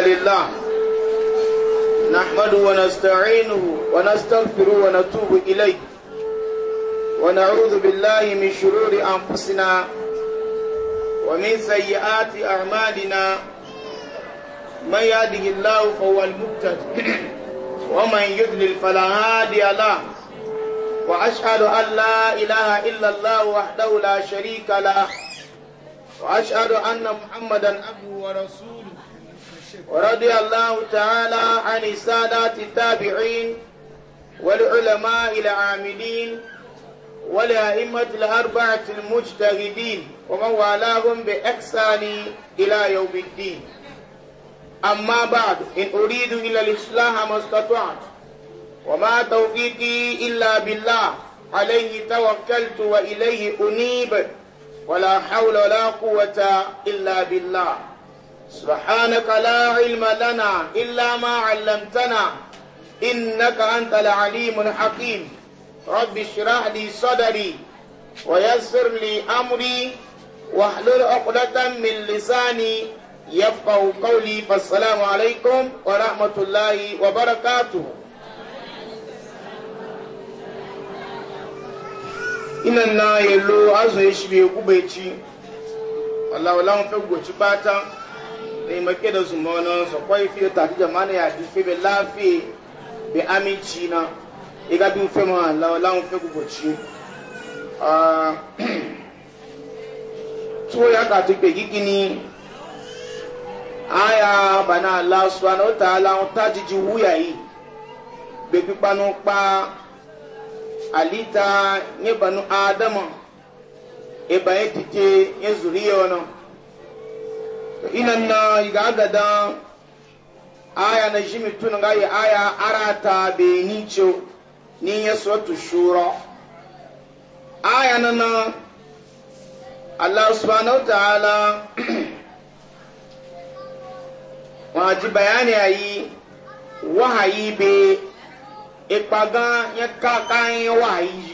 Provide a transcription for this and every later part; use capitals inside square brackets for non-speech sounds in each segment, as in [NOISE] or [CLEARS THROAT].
لله نحمده ونستعينه ونستغفره ونتوب إليه ونعوذ بالله من شرور أنفسنا ومن سيئات أعمالنا من يهده الله فهو المبتد [CLEARS THROAT] ومن يذلل فلا هادي له وأشهد أن لا إله إلا الله وحده لا شريك له وأشهد أن محمدا عبده ورسوله ورضي الله تعالى عن السادات التابعين والعلماء العاملين والأئمة الأربعة المجتهدين ومن والاهم بإحسان إلى يوم الدين أما بعد إن أريد إلى الإصلاح ما استطعت وما توفيقي إلا بالله عليه توكلت وإليه أنيب ولا حول ولا قوة إلا بالله سبحانك لا علم لنا إلا ما علمتنا إنك أنت العليم الحكيم رب اشرح لي صدري ويسر لي أمري واحلل عقدة من لساني يفقه قولي فالسلام عليكم ورحمة الله وبركاته ina na yelo azu ya shi bai gube ci Allah wala mun fi goci bata ne make da su mono so koi fi ta ti jamana ya di fi be lafi be aminci na e ga dun fe ma la la un fe gugo chi ah to [CLEARS THROAT] ya ka ti pe gigini aya bana allah subhanahu wa ta'ala un ta ti ji wuya yi pa alita nye banu adama e ba e tike e zuriyo inan na iga gada aya na shi mitun ga yi aya arata ni ce ni ya suwatu shura aya na na Allah subhanahu wa ta'ala [CLEARS THROAT] wọn ji bayani yi wahayi be ipagan ya yi wahayi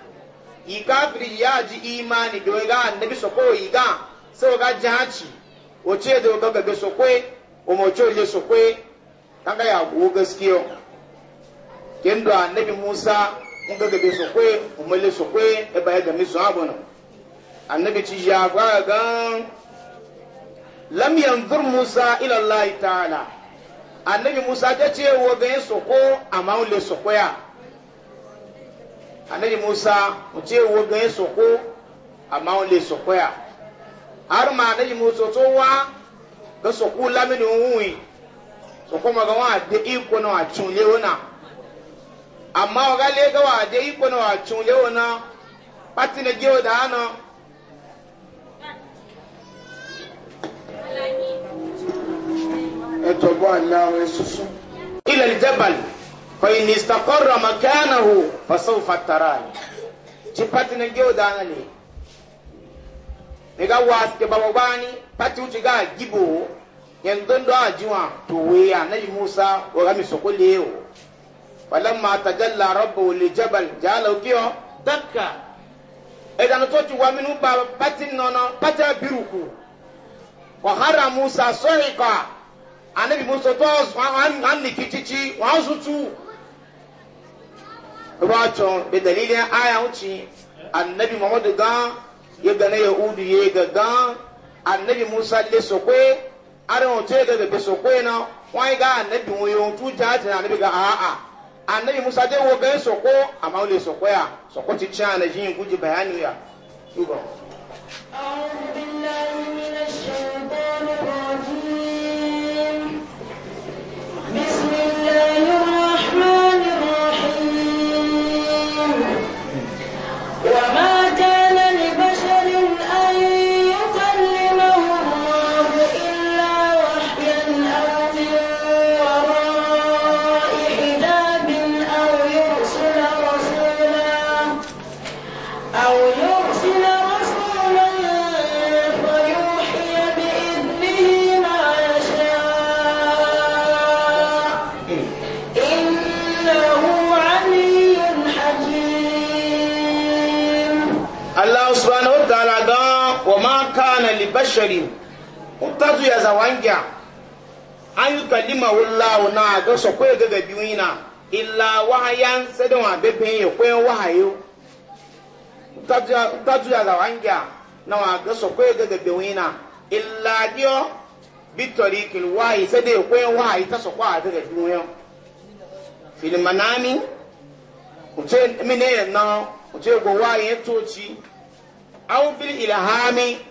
ikafiri ya ji imani domin ga annabi soko iga sau ga jihaci wace da ga gaga sokwe umarci waje sokwe ta ya yago gaskiyo kin da annabi musa nga ga gaga sokwe umarci sokwe ya baya ga misu abu annabi ci ya ga gan lam yanzur musa ila allah ta'ala annabi musa ta ce wa ga sokwe soko amma wule ya annabi musa mutu ewo gan soko amma wọn lè soko ya har ma annabi musa tó wá ga soko lamini wuyi soko ma ga wọn ade iko na wa tun lewo na amma wọn ga le ga wa ade iko na wa tun lewo na pati na gewo da ana ẹtọ bọ àlẹ àwọn ẹsùsùn ilẹ̀ ìjẹ́bàlì. فإن استقر مكانه فسوف تراني ci pati na gyo dana ne daga waske baba bani pati uci ga gibo yan dondo a jiwa to weya na yi musa wa gami sokole yo falamma tajalla rabbu li jabal jalo kiyo dakka idan to ci wa minu ba pati nono pati biruku wa hara musa sohika anabi musa to an an nikici wa zutu wato da dalilin aya wuce annabi muhammadu gan ya gane yahudu ya ga gan annabi musa le sokwe aran wato ya gaga sokwe na wani ga annabi mu yawon tuja ta annabi ga a'a annabi musa dai wo gan soko amma le sokwe ya soko ti ci na jin guji bayani ya basharin utatu ya zawangya an yi kalima wallahu na ga so kwe ga gabi na illa wahayan sadan wa bebe ya kwe wahayo utatu ya zawangya na wa ga so kwe ga gabi na illa dio bitori kilwayi sadan kwe wahayi ta so kwa ga gabi wina fil manami uce mine na uce go wahayi toci aw bil ilhami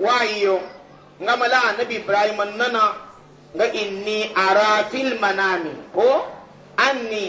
wayo nga mala annabi ibrahim nana nga inni ara fil manami ko anni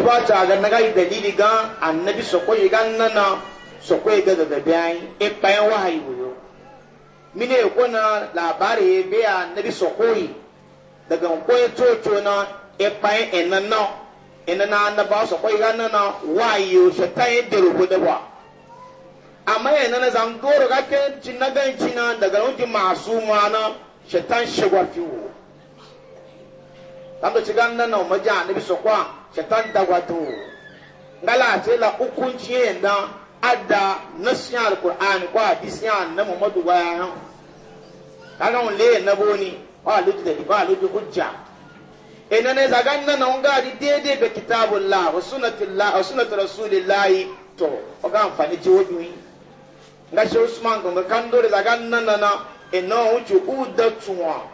ba ta ga na gai dalili ga annabi sokoyi ga nana sokoyi ga da bayan e bayan wahayi buyo mine ko na labari e be annabi sokoyi daga koyi toto na e bayan enana enana annaba sokoyi ga nana wahayi yo shaitan da rugo da ba amma yana na zan doro ga ke cinagan cina daga wuti masu mana shaitan shigwa fiwo dan da cigan nana maja annabi sokwa shaitan da wato ngala ce la hukunci ada adda nasiyan alqur'ani ko hadisiyan na muhammadu waya kaga on le na boni wa lutu da ba lutu hujja ina ne zaga nan na unga di dede ga kitabullah wa sunnatillah wa sunnatu rasulillah to o ga amfani ji wodun nga she usman ko kan dole zagan nan na ina wuce udatuwa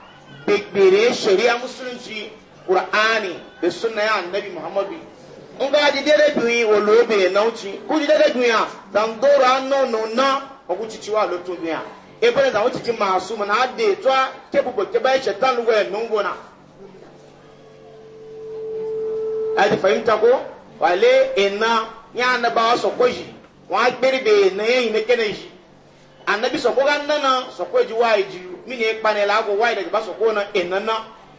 gbegere shari'a musulunci qur'ani da sunna ya annabi muhammadu in ga ji dede biyu wo lobe na uchi ku ji dede biyu a dan doro anno no na ogu chichi wa lo to biyu ya e bere da uchi ma su na ade to ke bubo ke bai shetan we no ngona ai fahimta ko wale ina ya annaba so ko ji wa gbere be na yin ne kenan ji annabi so ko ga nana so ko ji wa ji mini e panela go wa ida ba so ko na na.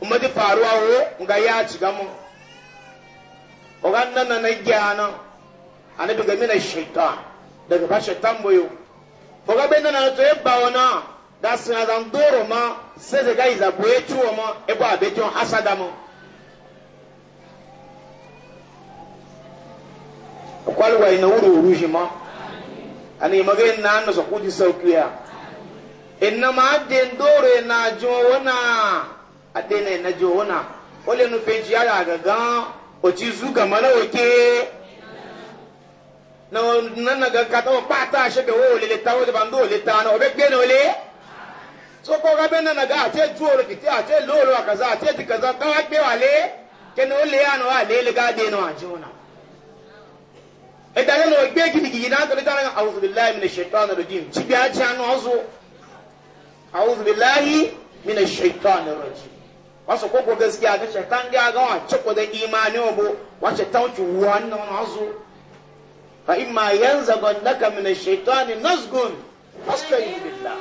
umadi faruwa wo nga ya ciga mu ogan nan na gyana anabi ga mina shaitan daga fa shaitan boyo oga be nan to e ba wona da sina zan doro ma se de gai za boye tuwo ma e ba be ton hasada mu kwalwa ina wuru wuru shi ma ani magai na an so kudi sauki ya inna ma den doro na jo wana adena na jona ole nu peji ya ga ga oji zu ga mana oke na nan ga ka to pata she be wo le ta wo de bando le ta na obe gbe no le so ko ga be na ga ate ju oro fiti ate lo oro akaza ate di kaza ka wa gbe wale ke no le ya no ale le ga de no ajona e da le no gbe gidigidi na to le ta na a'udhu billahi minash shaitanir rajim ti bi a ti anu ozo a'udhu billahi minash shaitanir rajim wasu koko gaskiya ga shaitan ga ga wace ko da imani obo wace tauki wannan azu fa imma yanzaghannaka min ash-shaytani nazghun fasta'in billah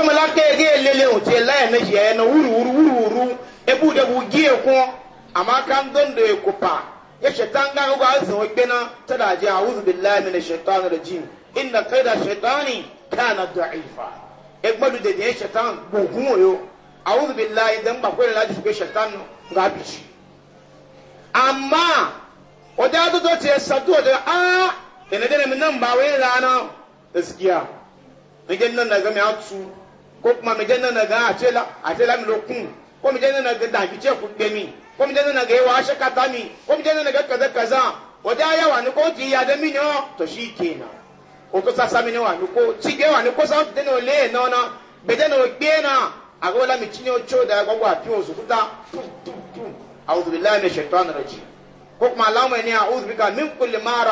gama la ke ge lele o te la ne je na wuru wuru wuru wuru e bu de bu gi e ko amma kan don da ya kufa ya shaitan ga ga azan wakina ta da ji a'udhu da minash shaitani ni inna na shaitani kana fa e gbadu de de shaitan gugun oyo a'udhu billahi dan ba ko laji su ke shaitan ga bici amma o da do do ce sadu da a ina da min nan ba wai rana gaskiya nake nan na ga mi tu. ko kuma mi jɛn nana gan a tɛ a mi ko mi jɛn nana gan danki cɛ kun gbɛ mi ko mi jɛn nana gan ewa aṣɛ kata mi ko mi jɛn nana gan kaza kaza o de aya wa ni ko ti ya de mi nyɔ tɔsi ke na o to sasa mi ni wa ni ko ti gbe wa ni ko sanfɛ de na o lee na bɛ de na o na a ko la ni o tso da gbɔ a pi o sukuta tu tu tu awudu bilayi mi sɛ tɔn nana ko kuma a uzu bi ka min ma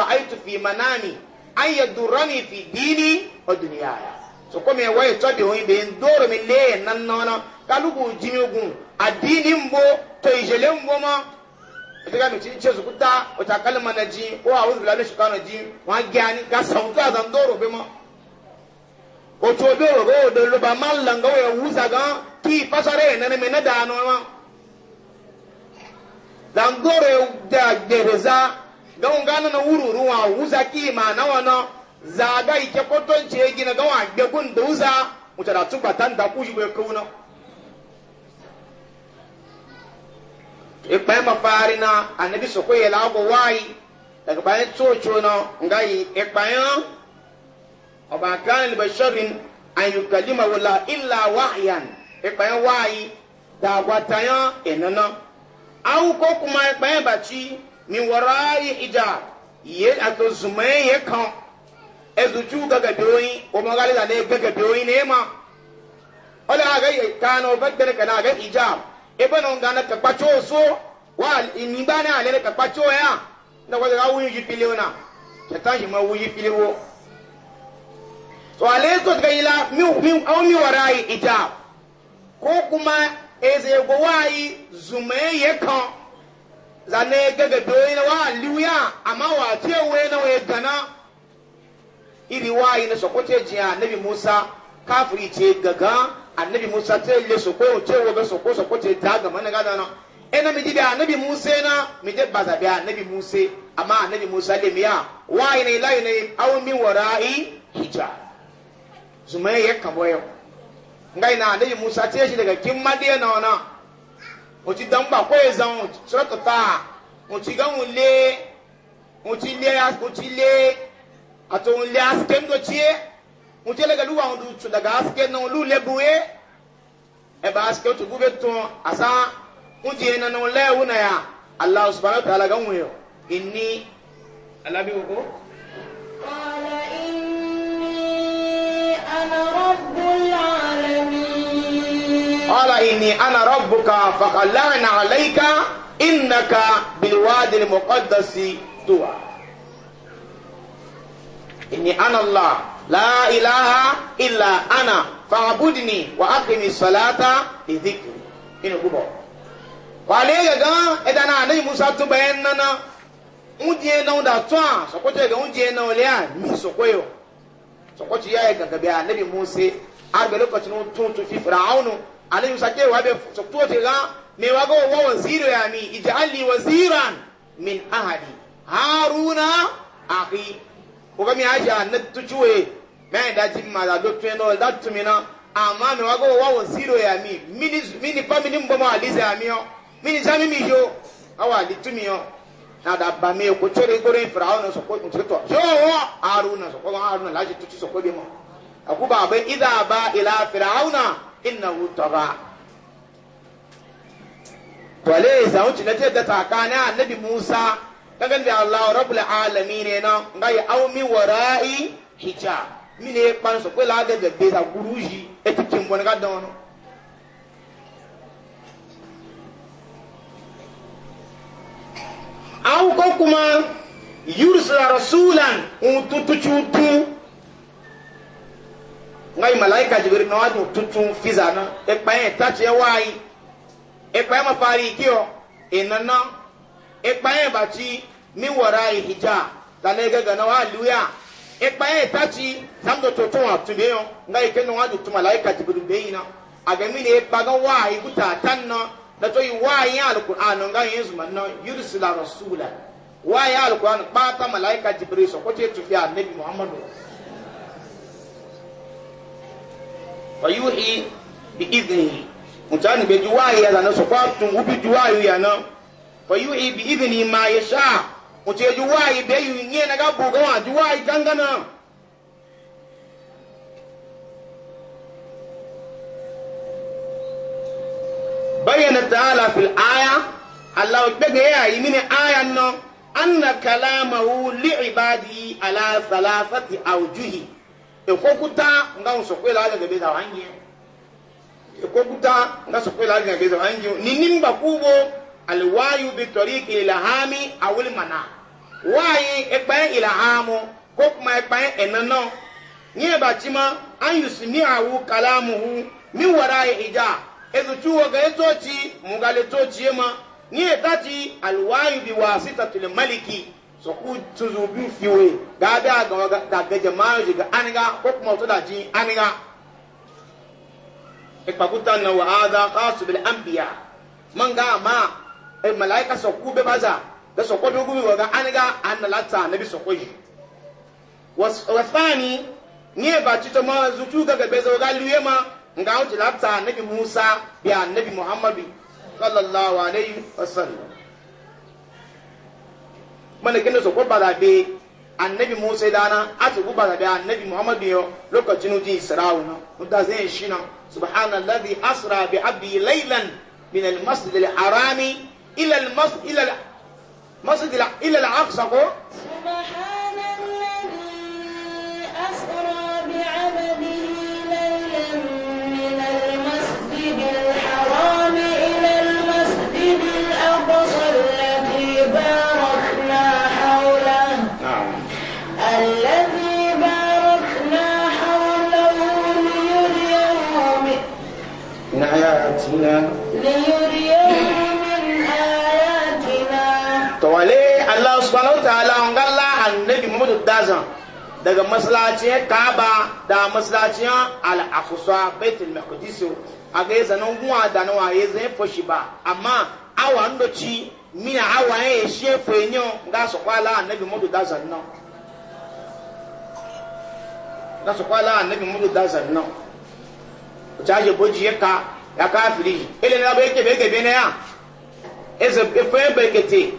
fi so kɔmi ɛ wɔyɛ tɔ de hɔn bɛ yen dooro mi lee nan nɔɔna kaluku jimi gun a diini bo n bo ma ebi ka mi ti cɛ sugu taa o ta kali ma na ji o awo bila ne sukan na ji wa gyaani ka to a zan dooro bɛ ma o to dooro bɛ o dooro ba ma langa o yɛ wusa gan k'i fasare yɛ nana mɛ ne daa nɔ ma zan dooro yɛ da gbɛrɛ zaa gawo gan nana wuruwuru wa wusa k'i ma na wa nɔ. zaga ike kwatonci ya gina gawa gagun da uza wuce da tubatan da kuji bai kauna ikpe mafari na anabi soko na ngayi ikpayan ọba kan libasharin an yi kalima wula illa wahyan ikpayan wayi ato kan ezujugagadoi omagalilane gagadoi nema olaga kano vagdene kanaga ijab ebanongana kakpacho so wal inibane alene kakpacho ya nakwazaga wuyu jipiliona shetan jima wuyu jipiliwo so alezo tkaila au miwarai ijab kokuma eze gowai zume yeka zane gagadoi na wa liwya ama wa tiewe na we gana iri wayi na sokote a annabi musa kafiri ce gaga annabi musa ta le soko ce wobe soko sokote ta ga mana na. na ina mi dibi annabi musa na mi je baza bi muse musa amma annabi musa le miya wayi na ilayi na awu min wara'i hija zuma ya kabo yau ngai na annabi musa ta shi daga kin madiya na wana o ti dan ba ko e zan surata ta o ti ga le o ti le o ti le ato ŋun lé asike ŋdɔ tsie ŋun tse lege luwa ŋun e tu daga asike na ŋun lu lebu ye eba asike tu gube tɔn asa ŋun tse na na ŋun lé wuna ya alahu subahana taala ka ŋun yɔ inni alabi wo ko. kɔɔla inni ana rabbul alamin. kɔɔla inni ana rabbuka fakalana alayka innaka bilwaadi mɔkɔdasi tuwa. inni ana Allah la ilaha illa ana fa'budni wa aqimi salata li dhikri ina gubo wale ga ga edana anai Musa to bayan nana unje na da to so ko ga unje na ole a mi so ko so ko ya ga ga bi annabi Musa a ga lokacin tun tu fi fir'aunu anai Musa ke wa be so to ga me wa go wa waziro ya mi ij'al li waziran min ahadi haruna akhi oga mi aja na tuchuwe me da ji ma da do tuno da tumina ama mi wago wa wo zero ya mi mini mini pa mini mbomo alize ya mi o mini sami mi yo awa di tumi o na da ba mi ko tere gore farao na so ko to yo wo aruna so ko aruna la ji tuchu so ko bi mo akuba ba idha ba ila fir'auna innahu tagha to le za wuce na ce da tsakanin annabi Musa gangan bi allah rabbul alamin eh, na ngai aw mi wara'i hijab mi ne pan so ko la de de be da guruji e ti kin bon ga don no aw ko kuma yursila rasulan un tutu chutu ngai malaika jibril na wadu tutu fizana e pa e tachi e wai e pa ma pari kio inana ekpanye bachi mi wara ihija da na ege gana wa luya ekpanye tachi sam do toto wa tumbe yo nga ike no wa do tuma laika jibril be yina aga mi ne ekpaga wa iguta tanno da to yi wa yi alquran nga yin zuma no yursila rasula wa yi alquran ba ta malaika jibril so ko ce tufi annabi muhammadu wa yuhi bi idnihi mutani be juwa ya na so kwa tun ubi juwa ya na fayu'i bi idni ma yasha wace ji wayi da yi nye na gabu ga wa ji wayi gangana bayyana ta'ala fil aya Allah daga ya yi mini ayan nan anna kalamahu li ibadi ala thalathati awjuhi e kokuta nga so kwela daga beza wangi e kokuta nga so kwela daga beza wangi ni nimba kubo alwayu bi tariq ilhami awil mana wayi ekpan ilhamu ko kuma ekpan enano nye batima an yusmi'ahu kalamuhu min wara'i hija ezu tuwo ga etochi mugale tochi ma nye tati alwayu bi wasitatil maliki so ku tuzu bi fiwe ga da ga da ga jama'a ga aniga ko kuma to da aniga ekpakuta na wa hadha khas bil anbiya man ga ma e malaika sokku bɛ baza da sokko dogu mi waga aniga an ta nabi sokko yi wasfani ne ba ci to ma zutu ga gabe zo ga liye ma nga uti ta nabi musa bi annabi muhammadu sallallahu alaihi wasallam mana gina sokko bada be anabi musa dana ati ku bada be anabi muhammadu yo lokacin uti isra'u na mudda zai shi na subhanallazi asra bi abdi laylan min al-masjid al arami. إلى المص إلى مسجد الع... إلى الأقصى سبحان الذي أسرى بعبده ليلا من المسجد الحرام إلى المسجد الأقصى الذي باركنا حوله نعم الذي باركنا حوله ليريه من آياتنا ليريه Allah subhanahu wa ta'ala on galla annabi Muhammad dazan daga masallacin Kaaba da masallacin Al-Aqsa Baitul Maqdis a ga yasa nan da nawa ya zai fashi ba amma awa ndoci mina awa ya she fenyo ga so kwala annabi Muhammad dazan nan ga so kwala annabi Muhammad dazan nan ta boji ka ya kafiri ile na bai ke bai ke bai na ya eze efe bai ke te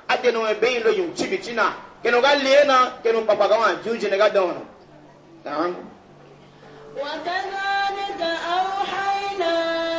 ade no ebe yin lo yin chibi china kenu ga le na kenu papa ga wan juji ne ga don no tan wa kadhalika awhayna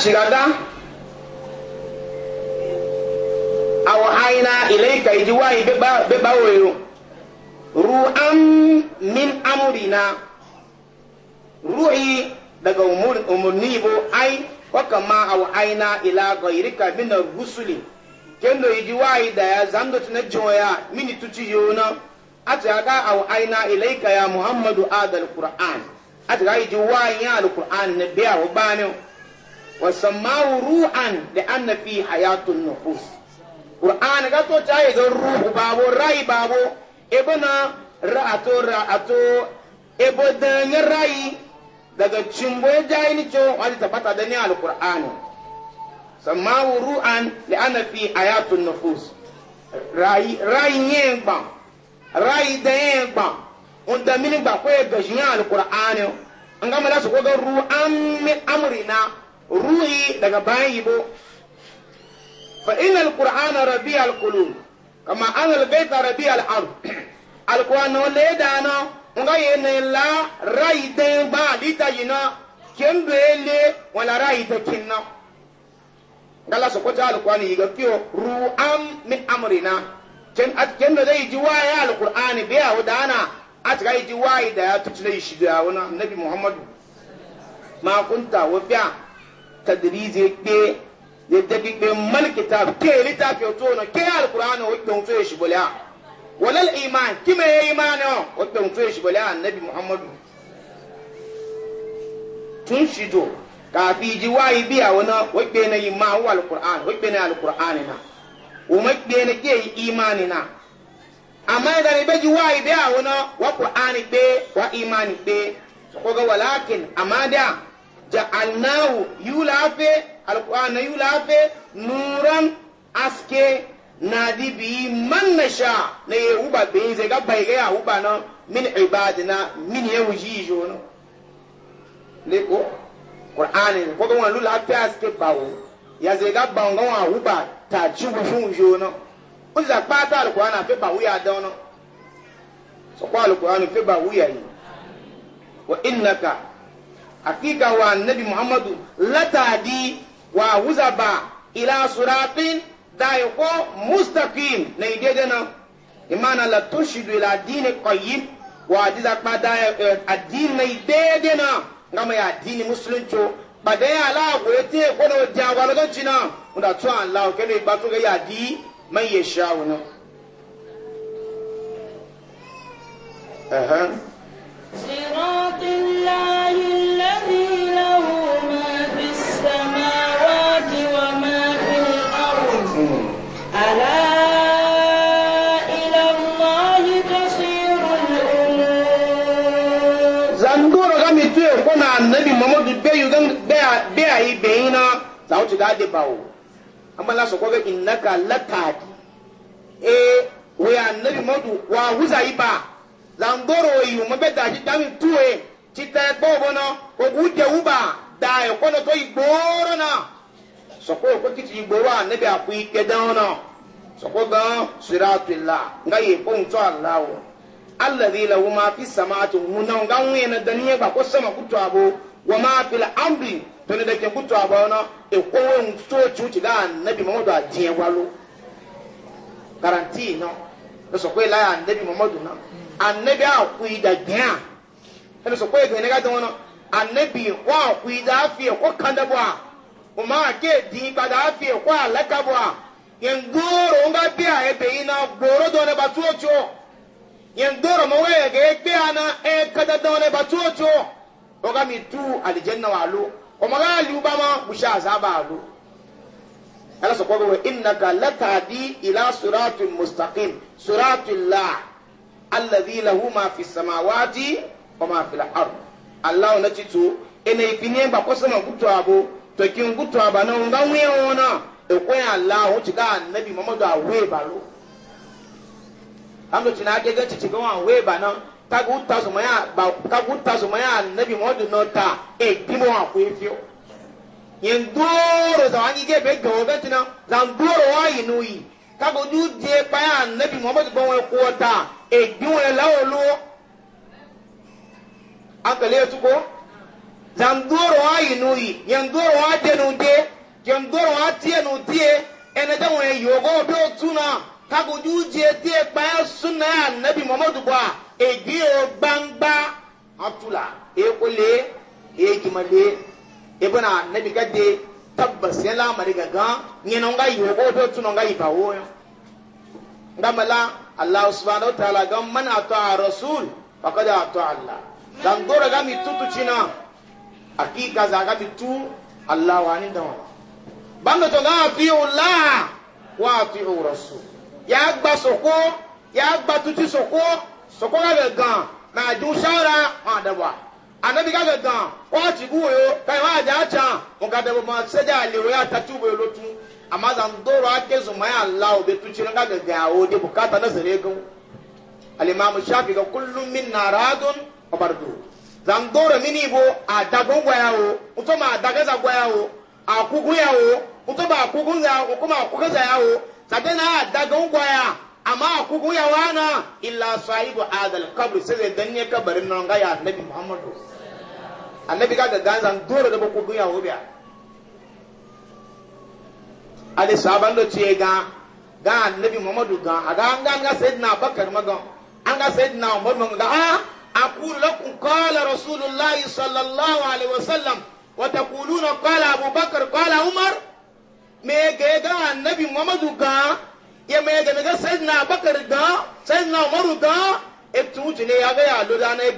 cigada awo aina ilaika iji wayi beba ru ru'an min amurina ru'i daga umurni bo ai waka ma awo aina ila gairika min rusuli kendo iji yi da ya zando tuna joya mini tuci yona ati aga awo aina ilaika ya muhammadu adal qur'an ati ga iji wayi ya al qur'an na biya wo bani wasammahu ruhan da anna fi hayatun nufus qur'an ga to ta yi don ruhu babo rai babo na ra'ato ra'ato ebo dan rai daga cimbo ya jayi ni ce wani tabbata da ni alqur'ani sammahu ruhan da anna fi hayatun nufus rai rai yin gba rai da yin gba da mini gba ko ya gajiyan alqur'ani an gama da su ko an ruhan amurina ruhi daga bayan bo fa ina alqur'ana rabi alqulub kama an albayta rabi alard alquran no le dana nga yene la rai den ba lita yina kendo le wala rai kin kinna kala so ko ta alquran ga kiyo am min amrina ken at kendo dai jiwaya alqur'ani biya wadana at ga jiwaya da ya tutsile shi da wana nabi muhammadu ma kunta wa biya tadrije kpe ye dabi kpe mal kitab ke litafi o tono ke alquran o kpe unto yeshi bolya wala iman kime ye iman o o kpe unto yeshi bolya annabi muhammad tun shido ka fi ji wayi biya o kpe na o kpe na na o ma kpe na ke na amma wayi biya wa kpe wa kpe ko ga walakin amma da ja'alnahu yulafe alqur'ana yulafe nuran aske na dibi man nasha na ye be ze ga bai ga uba na min ibadina min le ko qur'ani ko ga wan lulafe aske bawo ya ze ga ba ga wan uba ta ji wuji o za pa ta alqur'ana fe bawo ya no so ko alqur'ani fe bawo ya yi wa innaka hakika wa annabi muhammadu latadi wa wuzaba ila suratin da ya ko mustaqim na idede na imana la tushidu ila dini qayyim wa adiza kpada eh, addini na idede na ngama ya addini musulunci kpada ya ala goye te ko na jawa lo china unda to allah ke le ba to ga ya di man yashawu na aha صراط الله annabi muhammadu beyu gan beya yi beyi na za wuce ga de bawo amma la so ko ga innaka ee o we annabi muhammadu wa huza yi ba o yi mo be da ji dami tuwe ti ta gbo bono o bu da e ko na ko annabi ike na la ko la o. allazi lahu ma fi samawati mu na ga nwe na daniye ba ko sama kutu abo wa ma fil amri to ne da ke kutu abo na e ko won to chuti ga annabi muhammadu ajiye walo garanti no no so ko ya annabi muhammadu na annabi a ku ida gya no so ko e ne ga don no annabi wa ku ida fi ko kanda bo a o ma ke di bada fi ko alaka bo a yen goro nga bi a ebe ina goro do ne ba tuo chuo yandoro mawe ga ekpe ana e kada dole batoto oga mi tu alijanna wa lu o maga alu ma busha ba alu ala so kogo innaka latadi ila siratin mustaqim siratil la alladhi lahu ma fi samawati wa ma fil ard allah na titu ene ipinye ba ko sama gutu abo to kin gutu aba na nga wona e ko allah o ti annabi muhammadu awe balo amdo tina de ganci ci gawa we ba nan kagu ta su maya ba kagu ta su maya muhammadu no ta e kimo wa ku fiyo yen doro za wani ge be gawo ganci nan zan doro wa yi nuyi kagu du je pa ya annabi muhammadu bon wa ko ta e gbiwo la olo akale tu ko zan doro wa yi nuyi yen doro wa de nu de yen doro wa tie nu tie ene da won e yogo do tuna kagoju je ti ekpa ya suna ya annabi muhammadu bua egi o gbangba atula ekole egimale ebona annabi gade tabbas ya lamari gaga nyina nga yi ko to tuno nga yi bawo ngamala allah subhanahu wa ta'ala gam man ata rasul faqad ata allah dan dora gami tutu china hakika tu allah wa ni dawa banga to ga rasul ya gba soko ya gba tuti soko soko ka gangan na ju sara wa dabwa anabi ka gangan wa ti guwo yo ka wa ja cha mo ka dabo ma se ja le ya t'u bo lo tu amma zan doro ake zuma ya Allah be tuti ran ka gangan awo de kata na sare gan al imam shafi ga kullum minna radun wa bardu zan doro mini bo adago gwayawo ma adaga za gwayawo akugu yawo mutum akugu za kuma akugu ya yawo سادنا دعو قايا أما أكو يا وانا إلا صاحب هذا القبر سيد الدنيا كبرين نانغا يا النبي محمد النبي قال دعانا دور دبو كوكو يا وبيا ألي سابان لو تيه غان غان النبي محمد غان غان غان غان سيدنا بكر مغان غان غان سيدنا عمر مغان أقول لكم قال رسول الله صلى الله عليه وسلم وتقولون قال أبو بكر قال عمر me ga ga annabi muhammadu ga ya me ga ga sayyidina bakar ga sayyidina umaru ga etu ya ga ya lo e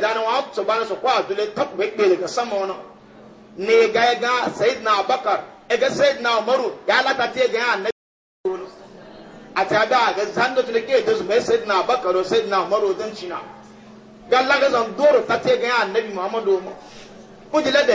ga wa kwa dole tak be be ga sama ne ga ga sayyidina e ga sayyidina ya te ga annabi a ta da ga da su mai sayyidina sayyidina dan cina ga zan doro ta te ga annabi muhammadu mu kujila da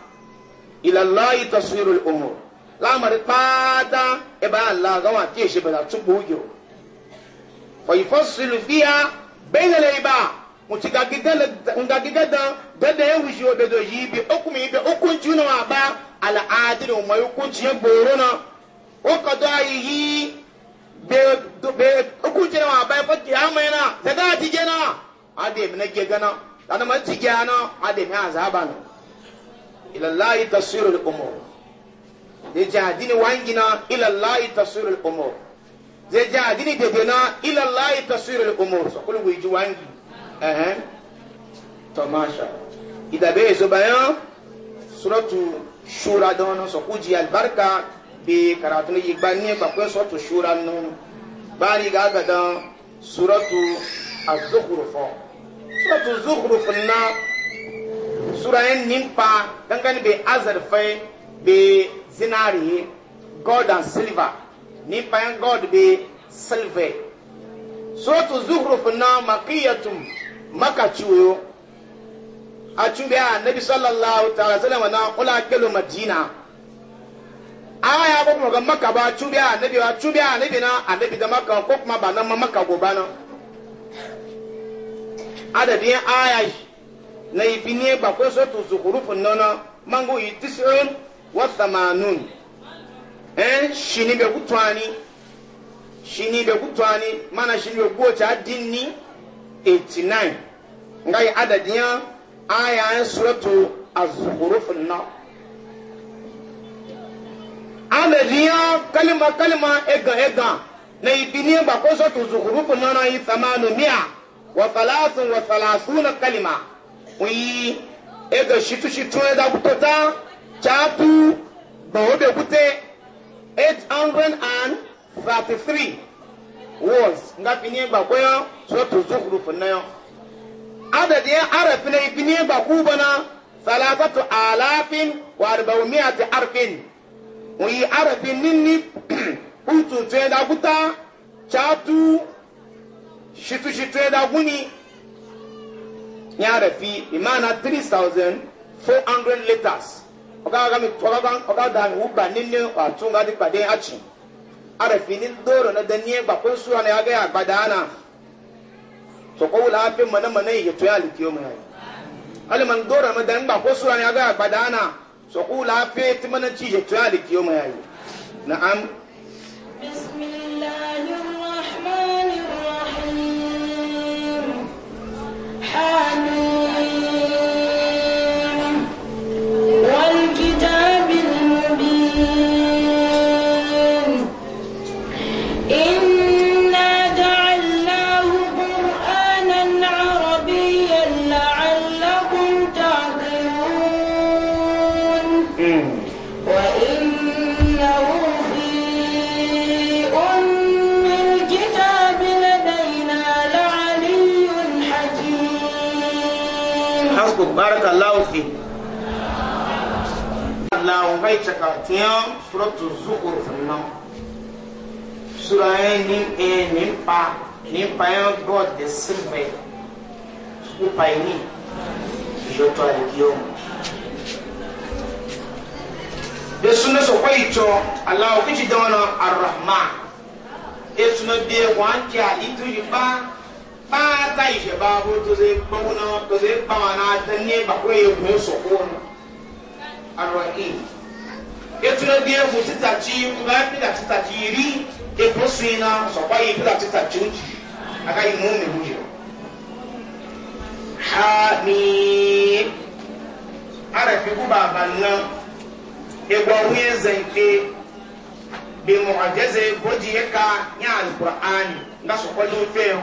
ilallahi taswirul umur lamari kpaata eba allah gawa ti ese bala tukpo wujo fa yufassilu fiha bayna al-ibad muti ga gidala nga gidada dada ya wuji o bedo yi bi okumi bi okunji na wa ba ala adiri o mayu kunji ya gboro na o kado ayi yi be be okunji na wa ba fa ti ama na daga ti je na ade mi na je gana dana ma ti je na ade mi azaba na ilallahi tafsirul umur zai ji adini wangina ilallahi tafsirul umur zai ji adini dedena ilallahi tafsirul umur so kullu wiji wangi eh tamasha idabe so bayan suratu shura don so kuji albarka bi karatu yi gbanni ba ko suratu shura nu bari ga ga dan suratu az-zukhruf suratu az-zukhruf na surayen yin nimpa dangane bai azarfai bai zinariye gold and silver nimpa yan gold bai silver sotu zuhruf na makiyatun maka ciwo a cube a nabi sallallahu ta'ala sallama na kula kelo madina aya ko kuma maka ba cube a nabi ba cube a nabi na a nabi da maka ko kuma ba na maka goba na adadin aya na ibini ba ko so tu zukurufun nono mangu yi tisirun wa thamanun eh shini be gutwani shini be gutwani mana shini be gota dinni 89 ngai adadiyan aya suratu az-zukhrufun na adadiyan kalima kalima ega ega na ibini ba ko so tu zukurufun nono yi thamanu miya wa thalathun wa thalathuna kalima wòye ege shitu ẹ̀dá kutota chaatu gbọ̀wọ́dẹ̀ kute eight hundred and thirty three words nga fi ní ẹgbà kọ́yọ́ sọ́tò zokuru fún náà adadi arafin ibi ní ẹgbà kú bọ́nà salatatu alaafin wa arbawumi ati arfin wòye arafin níní kutu tún ẹ̀dá kuta chaatu shitushitun ẹ̀dá kuni. nyaare fi imana three thousand four hundred a ọ̀gá ọ̀gá mi tọ́lá bá ọ̀gá mi wúba nínú àtúngá ti pàdé àchì àrẹ̀fì ní dóòrò náà dání ẹgbà pé sùúrù àná agẹ́ àgbàdá àná sọ̀kọ́ wùlá fẹ́ mọ̀nàmọ̀nà ìyẹ̀ tó yà lùkì ọmọ rẹ̀ alẹ́mọ̀ ní dóòrò náà dání ẹgbà pé sùúrù àná agẹ́ àgbàdá àná sọ̀kọ́ wùlá fẹ́ tìmọ̀nà tí ìyẹ̀ tó yà lùkì ọmọ rẹ̀ mɔ bismillahir rahmanir am. حميم barakallahu fi Allahu bai caka tiyan suratu zukur sannan sura yin e nin pa nin pa yan god de silve su pa ni je to aliyo de sunna so kwai to Allahu kici da wannan arrahman e tuna de wan ki ali tuji ba pátá ìṣẹ̀bá bó tó ṣe gbọ́wọ́ náà tó ṣe gbà wọn náà tẹ ní bàbá egun sọ̀kọ́ nù. àrùn ẹ̀kìn ètò ẹbí ẹ̀fọ́ títà tí ọba pílà títà tí rí èkó sun iná sọ̀kọ́ yìí pílà títà tí ó jì àká ìmú mi wù yẹ. ha ni ara fi kú bàbá náà egbò ọ̀hún yẹn zẹ̀ǹkẹ́ bí mọ̀ọ́jẹ́sẹ̀ bójì yẹ ká ní àlùkò àná nga sọ̀kọ́ ló fẹ́ yọ.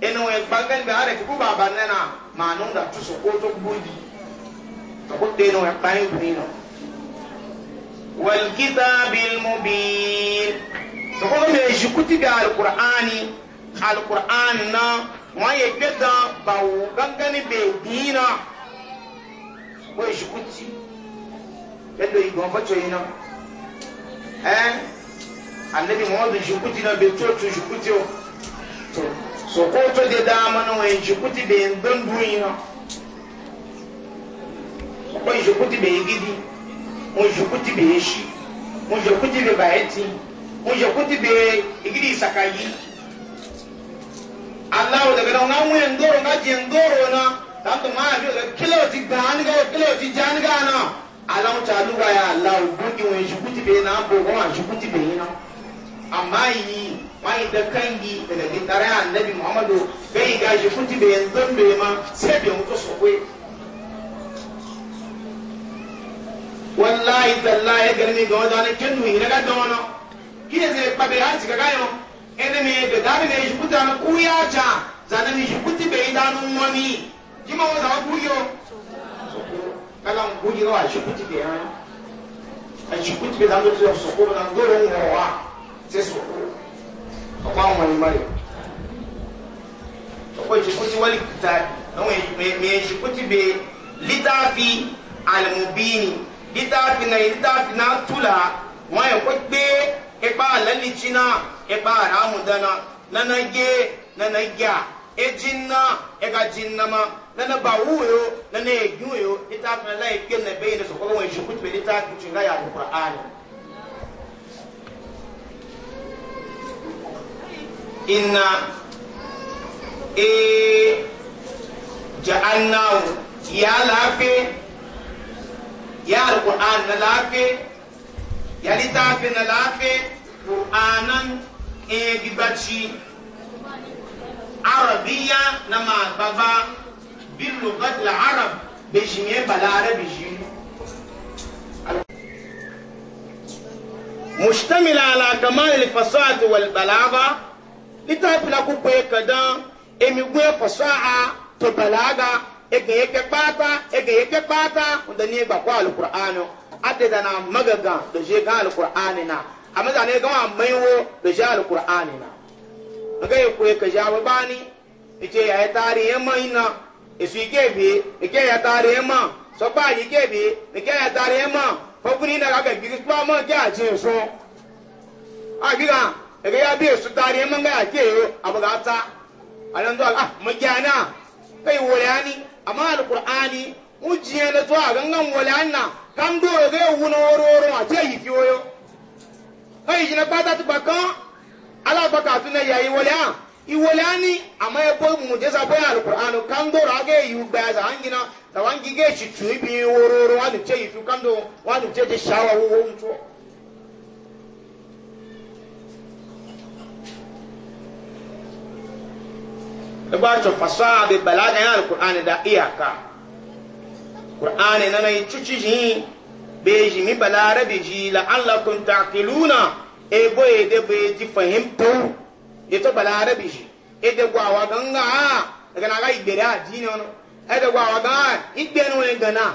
ene wo ekpagani be are kuku baba nena maanu da tusu so ko to kubundi to ko de no ekpani kuino wal kitabil mubin to ko me jikuti be alqur'ani alqur'an na wa ye beda ba wo gangani be dina ko jikuti endo igon bacho ina eh annabi muhammad jikuti na be to to jikuti o to so ko to de dama na wani shi kuti da yin dunduyi na ko shi kuti da yi gidi ko shi kuti da yi shi ko shi kuti da bayeti ko shi kuti da yi sakayi Allah daga nan an wuyan doro na jin doro na ta to ma bi ga kilo ti gani ga kilo ti jani ga na Allah ta luwa ya Allah gudu wani shi kuti da na bo ko ma shi kuti da yi na amma yi mai da kangi daga ditare annabi muhammadu bai gashi kuti da yanzu bai ma sai bai mutu su kwe wallahi tallahi ya garmi ga wanda wani kendu hina ga da wani kine zai kpabe ha cika gayo ene me ga dami ne shi kuti ana kuya ca zanen shi kuti bai danu wani jima wanda wa kuyo kala kuyo a shi kuti bai ha a shi kuti bai danu su sokoro na ngoro ngoro wa sai sokoro ọkọ àwọn ọmọ ìmọ̀ rẹ̀ ọkọ ìṣekútí wọ́n ta àwọn èèyàn ìṣekútí bẹ lítàfi àlùmọ̀bíìnì lítàfi náà lítàfi náà túlà wọ́n yẹ ipa àlẹ́lìtì náà ipa àràmùdáná nana gé nana gíà ejin náà e ẹ̀ka jin náà máa ba wuyo nana egun yo إن إيه جعلناه يا لافي يا القرآن لافي يا لتافي نلافي قرآنا إيه بباتشي عربية نما بابا باللغة العرب بجميع بالعرب بجميع مشتمل على كمال الفساد والبلاغة littafi la kukpe kadan emi gbe fasaha to balaga ege yake kpata ege yake kpata wanda ni gba ko alqur'ani adada na magaga da je ga alqur'ani na amma zane ga ma maiwo da je alqur'ani na ga yi ko ka jawo bani ike ya ya tarihi maina esu ike bi ike ya tarihi ma so pa yi ke bi ike ya tarihi ma fokuni na ga ga bi ko ma ke ajin so a abiga ege ya bi esu taari ema nga ya ke yo abaga ata anan do ah mo jana kai wolani amma alqur'ani mu jiyana to aga ngan wolana kan do ge wuno oro oro a ce yi fiyo kai jina pata ti bakan ala baka tun ya yi wolani iwolani amma ya boy mu je sa boy alqur'ani kan do ra ge yi gba za angina da wangi ge shi tu bi oro oro wa ce yi fiyo kan do wa ni ce shawa wo wo ibacin fasaha bai balaga yana alkur'ani da iyaka kur'ani na na yi cuci shi bai ji mi balarabe ji la'allakun ta'qiluna e boye de bai ji fahimta ya e to bi ji e de gwawa ganga ha daga na ga igbere ne ono e de gwawa ga igbe no en gana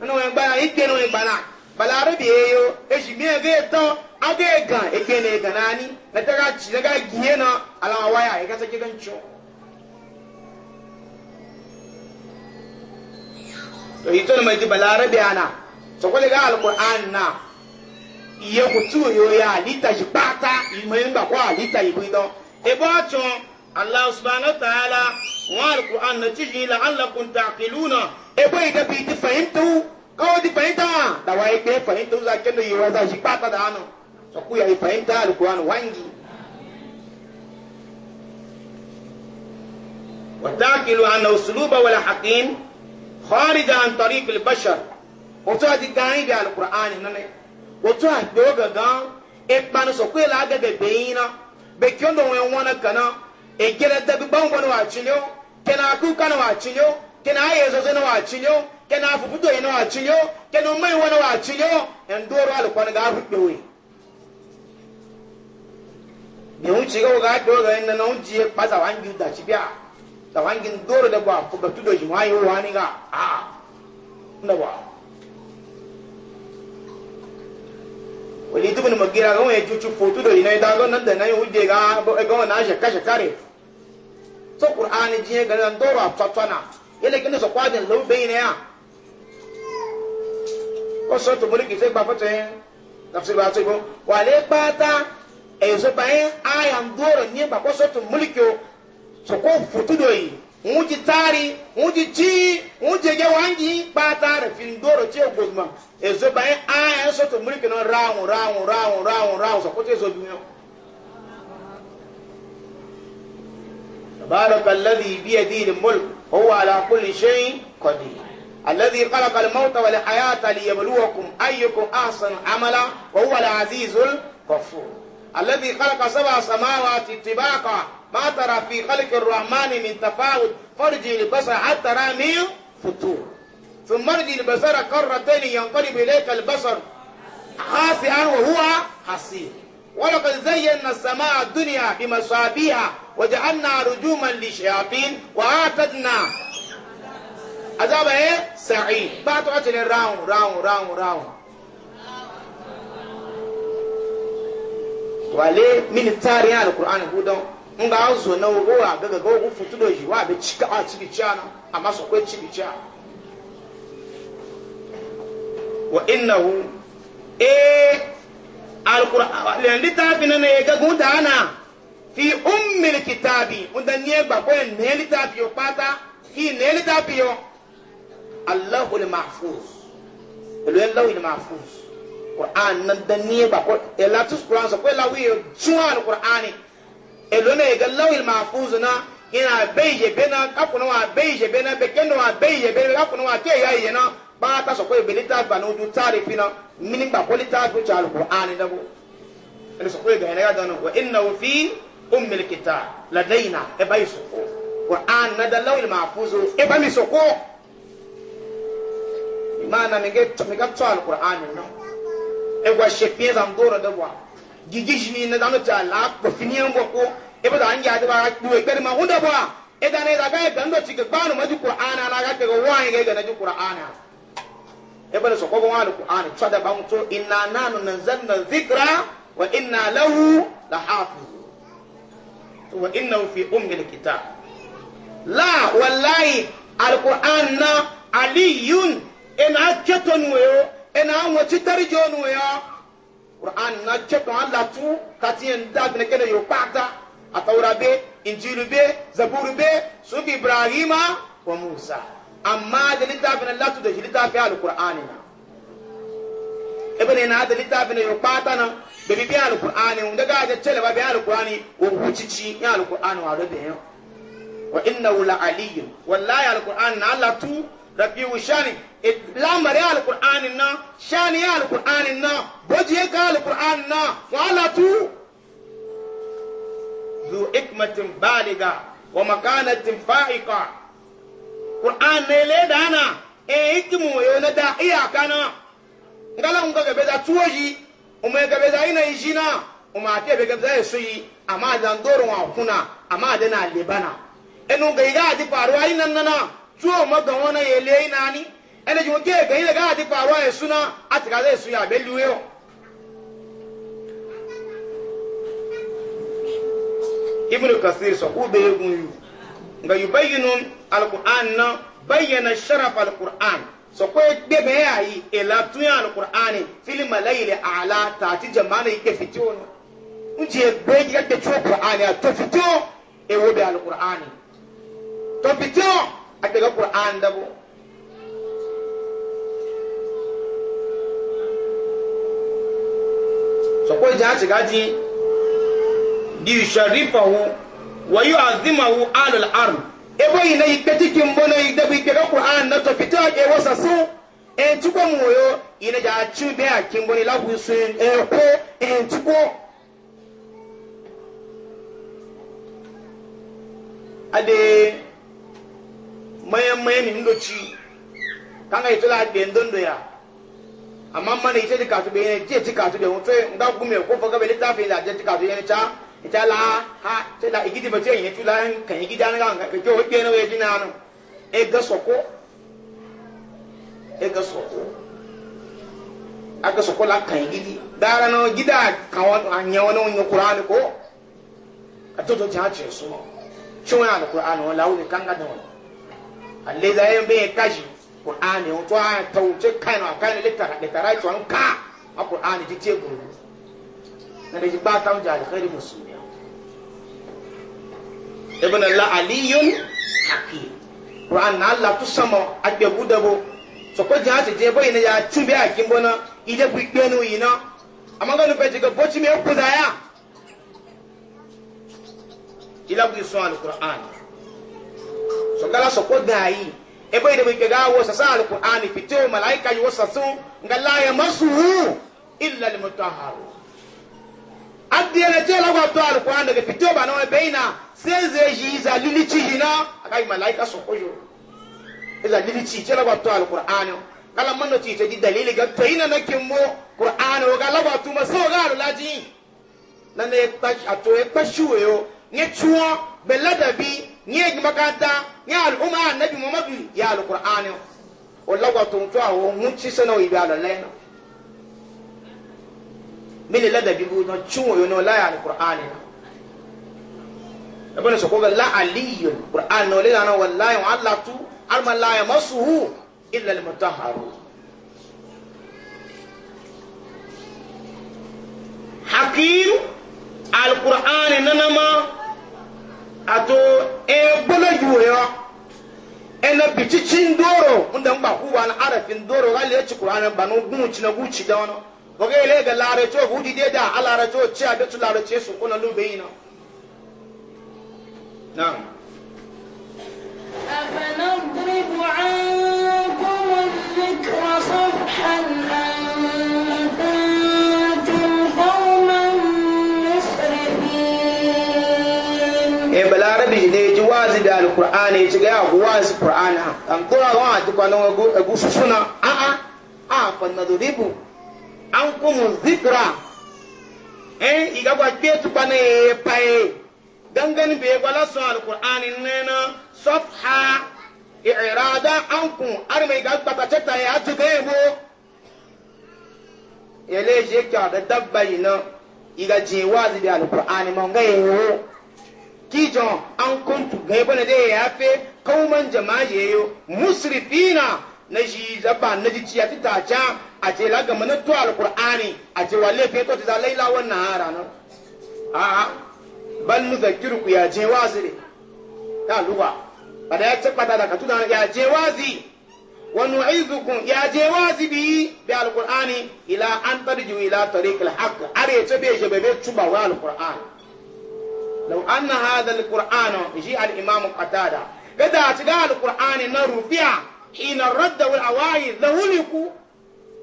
no en gbara igbe no en gbara balarabe e yo e ji mi e ga to aga e gan e gbe ne gana ni na ta ga ci daga giye na alawa waya e ka ta gidan cho to ito mai ji balarabe ana to kwale ga alquran na iye kutu yo ya alita ji pata ime ngba ko alita ibu ido ebo to allah subhanahu wa ta'ala wa alquran na tiji la allakum taqiluna ebo ida bi ti fahimtu ko di fahimta da wa ike fahimtu za kendo yiwa za ji pata da ano to ku ya fahimta alquran wangi وتعقل أن أسلوب ولا hakim. kharija an tariq al bashar wato a jigayi da alqur'ani nane wato a doga ga e kpanu so ko la ga be beyina be kyondo wen wona kana e gele da bi ban wona wa chilio kena ku kana wa chilio kena aye zo zo wa chilio kena afufuto ina wa chilio kena mai wona wa chilio en doro alqur'ani ga fu be we ne un na un ji e pasa da wangin doro da ba ku batu da shi wani wani ga a da ba wani dubin magira ga wani cucu fotu da ina da ga nan da nan hudde ga eh, ga wani shakka shakkare so qur'ani jiye ga nan doro a fatwana yele kin so kwadin lau ne ya ko so to mulki sai ba fata yin tafsir ba sai ko wale pata e eh, so bayan ayan doro ni ba ko so to mulki soko futudo yi ŋudzi taari ŋudzi tii ŋudzi ge wangi kpaata re fi ndoro tse gozuma ezo ba ye aya soto muri kena raun raun raun raun raun soko tse zo dumio. تبارك الذي بيده الملك هو على كل شيء قدير الذي خلق الموت والحياة ليبلوكم أيكم أحسن عملا وهو العزيز الغفور الذي خلق سبع سماوات طباقا ما ترى في خلق الرحمن من تفاوت فرج البصر حتى ترى من فتور ثم ارجع البصر كرتين ينقلب اليك البصر خاسئا وهو حصير ولقد زينا السماء الدنيا بمصابيها وجعلنا رجوما للشياطين واعتدنا عذاب ايه سعيد بعد قتل راون راون راون راون وليه من التاريخ يعني القران هو ده in ba zo na wogo a gaga ga futu da shi wa da a ciki ciya na amma su kwai ciki ciya wa innahu eh alqur'an na ya ga guda ana fi ummil kitabi undan ne ba ko ne litafi yo pata fi ne litafi yo allahul mahfuz elo e allahul mahfuz qur'an nan dan ne ba ko elatus qur'an so ko lawi yo elo na ga lawil mahfuz na ina beije bena kakuna wa beije bena bekendo wa beije bena kakuna wa te ya yena ba ta so ko ibelita ba no du tare fina mini ba ko lita du cha alquran da go ene so ko ga ina ga no wa innahu fi ummil kitab ladaina e bai so ko qur'an na da lawil mahfuz e ba mi so ko imana mi ge mi ga to alquran no e gwa shefie zam dora da wa gigishimi na zanu ta la ko yan ko ko e ba an ya ba ku e gari ma hunda ba e da ne da ga ga ndo ci ga banu ma ji qur'ana na ga ga wani ga ga na ji qur'ana e ba so ko ga wani qur'ana tsada ba mutu inna nanu nazzalna dhikra wa inna lahu lahafiz wa ina fi ummil kitab la wallahi alquran na aliyun ina keton wayo ina wacce tarjo wayo qur'an na ce don Allah tu ka tiyan da ne kada yo pata atawra be injilu be zabur be su bi ibrahima wa musa amma da littafin Allah tu da shi littafin alqur'ani na e ibn na da littafin yo pata na da bi alqur'ani da ga ga cele ba bi alqur'ani wa hucici ya alqur'ani wa rabbi wa innahu la aliyyun wallahi alqur'ani na Allah tu rafi'u shani lamari alkur'anin na shani ya alkur'anin na bojiye ga alkur'anin na falatu zu ikmatin baliga wa makanatin fa'ika qur'an ne le dana e ikimu yo na da iyaka na ngala unga gabe da tuoji umwe gabe da ina ishina umma ate be gabe da suyi amma dan doron wa kuna amma dana lebana enu ga iga di faruwa inan nana tuwo maga wana ya le ina ni ene ji ke ga ina ga ti paro e suna ati ga le su ya be lu yo ibn kasir so ube gun yu nga yubayinu alquran na bayyana sharaf alquran so ko gbe be ayi ila e tun alqurani fil malayil ala ta ti jamana ike fitio no nje gbe ga gbe tu alqurani to fitio e wo be alqurani to fitio a daga ƙur'an dabo sọ̀kọ́ ìjà àti gájí di ìṣẹ̀rífọ̀wò wọ́yọ́ àzímọ̀wò alùl àrùn ebe yìí na ikpe tí kì ń bọ́ na ìdẹ́bi ìgbẹ́ kọ́ ƙur'an na tọ̀fìtì ọ̀gẹ̀ wọ́n sàṣù ẹ̀ntúkọ́ mu wòyọ́ ìnàjà àti bẹ́ẹ̀ àkí ń bọ́ ní láwùsùn ẹ̀kọ́ ẹ̀ntúkọ́. adé mayan mayan ni ndo ci kanga a be ndondo ya amma mana ite di katu be ne je ti katu de won fe nga gume ko fo gabe lita fe la je ti katu ye ca ita la ha te la igidi be je yin tu la kan igidi an ga ke jo be no we di na no e ga soko e ga soko aga soko la kan igidi dara no gida kan wani anya won no qur'an ko a cha che so chuma al qur'an wala wani kanga da wani alle za yin bin kashi qur'ani o to an tawce kai na kai le ta le tarai to an ka a qur'ani ji ce guru na da ji ba ta ja da khairi musulmiya ibn allah aliyun hakim qur'an na allah tu sama agbe gudabo so ko ja je boy ne ya tumbe akin bona ide bu gbenu yina amaga no peje ko bochi me ku da ya ila bu sun al qur'ani so ngala gayi e bai da bai wo sasa alqur'ani fito malaika yi wasa ya illa je la gwa to ba na baina sai zai akai malaika e je la gwa to kala manno ti te di dalili ga to ina ga la gwa e to nan e ato e yo ne chuo nye ji makaranta nye al'umma annabi muhammadu ya alqur'ani wala kwa tuntu a wo hun ci sana ibi ala lena mini lada bi bu no cin wo no la ya alqur'ani na ibn so ko ga la aliyun qur'an no lena wallahi wa allatu alma la yamassuhu illa al mutahharu hakim alqur'ani nanama ato egbolo yiwoyo ene bicicin doro unda mba huwa na arafin doro gali echi kurana banu gunci na guci da wano waga ile ga larato gudi de da alarato ci abitu larato su kuna lube yina na'am أفنضرب عنكم الذكر صفحا أن wazi da alkur'ani ci ga yaku wazi qur'ani ah, an kura wa ti kwa na egu suna a a a fa nadribu an kumu zikra eh iga kwa ke tu na e pa gangan be yi la so alkur'ani nena safha i'rada ankum arme ga kwata chata ya tu be bo ele je ka da dabbayina iga je wazi da alkur'ani ga kijon an kuntu ga bane da ya fe kauman jama'a yayo musrifina na ji zaba na ji ciya ta ta a ce la ga mana alqur'ani a ce walle fe to ta laila wannan hara no a bal ku ya je wazire ta luwa bada ya tabbata da katu ya je wazi wa nu'izukum ya je wazi bi bi alqur'ani ila an tarju ila tariqil haqq are ce be je be tuba wa alqur'ani لو أن هذا القرآن جاء الإمام قتادة قد أتقى القرآن نرفع حين الرد والأواعي ذهلكوا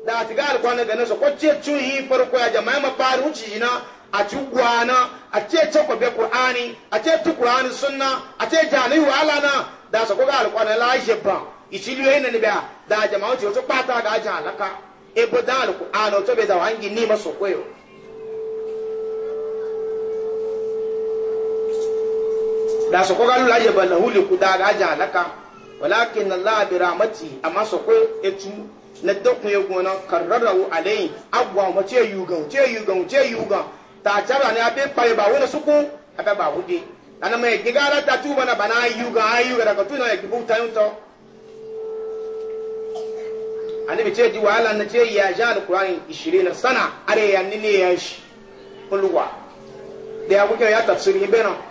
da a tiga alkwana ganin su kwace cin yi farko ya jama'a mafari wuce na a ci gwana a ce ce kwabe qur'ani a ce tu sunna a da su kuga alkwana la jeba isilu yana ne ba da jama'a wuce su pata ga jalaka alaka. bo da alkwana to bai da hangi ni maso koyo da su ko galu laye ba lahu li kuda ga ja laka walakin allah bi rahmati amma su ko etu na dokun yegun na karrarahu alayhi agwa ma ce yugan ce yugan ce yugan ta jara ne abe paye ba wona suku abe ba hudi ana mai gigara ta tuba na bana yugan ayuga daga tuna ya gibu tayunto annabi ce ji wahala na ce ya ja alqur'ani 20 sana are ya nini ya shi kulwa da ya kuke ya tafsirin bena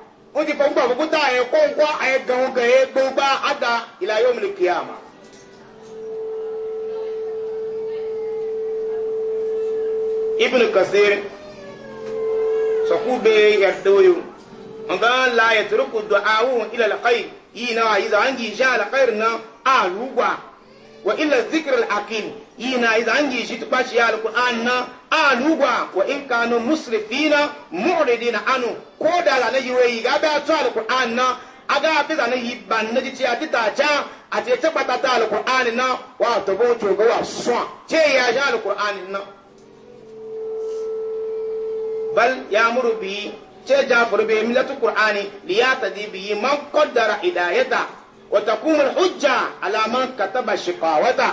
wuti fangba ko ta ay ko ko ay gawo ga ye do ba ada ila yawmil qiyamah ibn kasir sokube yardoyo nga la yatruku du'awu ila alqayr yina iza angi sha alqair na alugwa wa illa zikr al aqil yina idan yi shi tukpashi ya alquran na alugwa wa in kanu musrifina mu'ridina anu ko da la yi wayi ga ba to alquran na aga fi zan yi ban na ji ti ati ta cha ati ta pata ta alquran na wa to bo to go wa so ce ya ja alquran na bal ya bi ce ja furbe milatu qur'ani liyatadi tadibi man qaddara hidayata وتقوم الحجة على من كتب شقاوته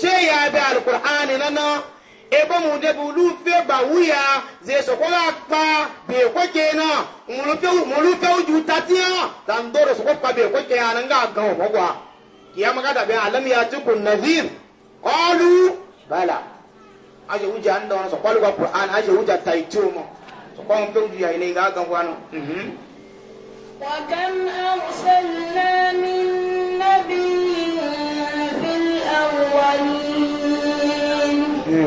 شيء يا بي القرآن لنا ebe mu de bu lu fe ba wuya ze so ko la pa be ko ke na mu lu pe mu lu pe ju ta ti ha tan do ro so ko pa be ko ke na nga ga ko kwa ki ya maga da be alam ya ti kun nazir qalu bala aje wuja an da so qalu qur'an aje wuja taito mo so ko mu pe ju ya ile nga ga kwa no mhm وكم أرسلنا من نبي في الأولين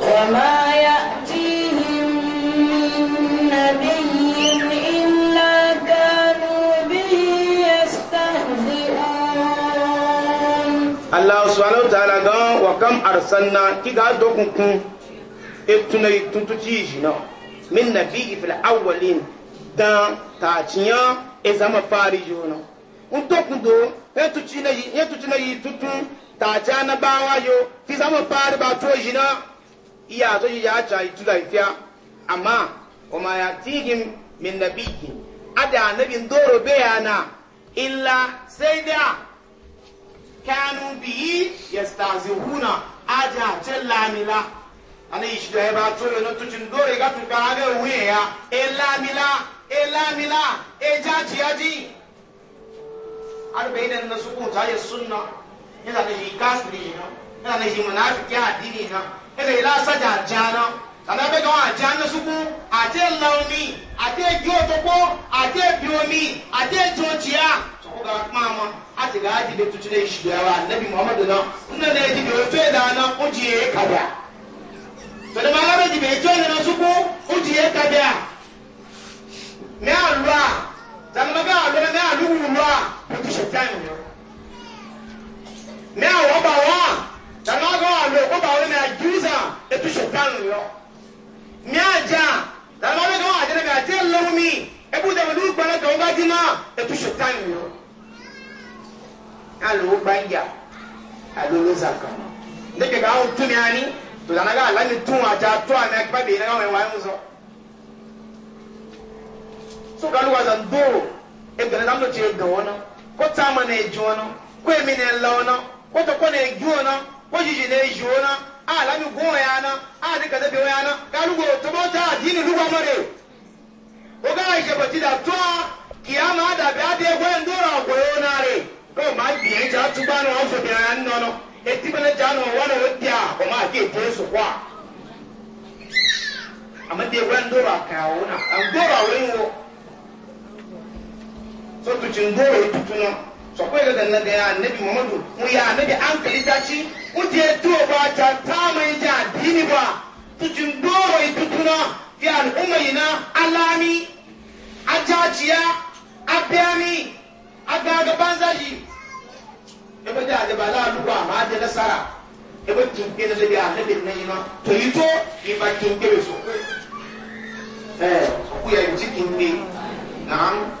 وما يأتيهم من نبي إلا كانوا به يستهزئون الله سبحانه وتعالى قال وكم أرسلنا كي دوكم كن ابتنا يتنتجيجنا من نبي في الأولين dan taciya e zama fari jona un to kundo yetu cina yetu cina yi tutu taciya na ba bawa yo fi zama fari ba to jina iya to ya ta yi tula ifiya amma kuma ya tigi min na bi yi nabiyyi ada nabin doro bayana illa sai da kanu biyi yastazihuna aja cellamila ana ishi da ya ba to yo na tucin doro ka tuka ga wuya ya illa mila elamila ejajiyaji arba'in na suku ta ya sunna yana da yi kafiri na yana da yi munafiki addini na yana ila sada jana sana be gawa jana suku ate launi ate gyotoko ate biomi ate jojiya soko ga mama ati ga aji de tutune shiyawa annabi muhammad na nna ne ji do fe da na ujiye kada to da malabe ji be jo na suku ujiye kada ní àlọ́ à zanuma bẹ́ẹ̀ àlọ́ ní àlọ́ wùlọ́ à kò tó ṣe tán yìí. ní àwọ̀ bá wọ́n à zanuma bẹ́ẹ̀ àlọ́ kó bá wọ́n ní àjúzà ètò ṣe tán yìí. ní àjà zanuma bẹ́ẹ̀ wọ́n àjẹrẹ́ bẹ́ẹ̀ àjẹ́ lọ́wọ́ mi ebi wọ́n dẹ̀wọ́n lóògbọ́n náà kàwé bá dín náà ètò ṣe tán yìí. àlọ́ gbàǹjà àlọ́ ló zàkà. ndé kẹ̀kẹ́ àwọn tún ní ani tòzànàgà àlá ni tún àjà tó àná so galuwa zan doro e gane zan doce ga wani ko tama na eji wani ko emi na la wani ko ta na eji wani ko jiji na eji wani a lami goma ya na a dika zabe ya na galugo to ba ta adini lugwa mare o ga aisha bati da to kiyama da bi ade gwen doro agoyo na re ko ma bi e ja tuba na ofo bi ya nnono e ti bana ja no wala wotia o ma ke te so kwa amma de gwen doro akawo na an doro awen wo so tucin goro yi tutuna so kawai daga nan gaya annabi muhammadu mu ya annabi an kali daci mu je to ba ta ta mai ja addini ba tucin goro yi tutuna fi al'umma ina alami ajajiya abiyami agaga banzaji ebe da adaba la luwa ma de nasara ebe tunke na dabi annabi nan ina to yi to yi ba tunke be so eh ku ya yi cikin ne na'am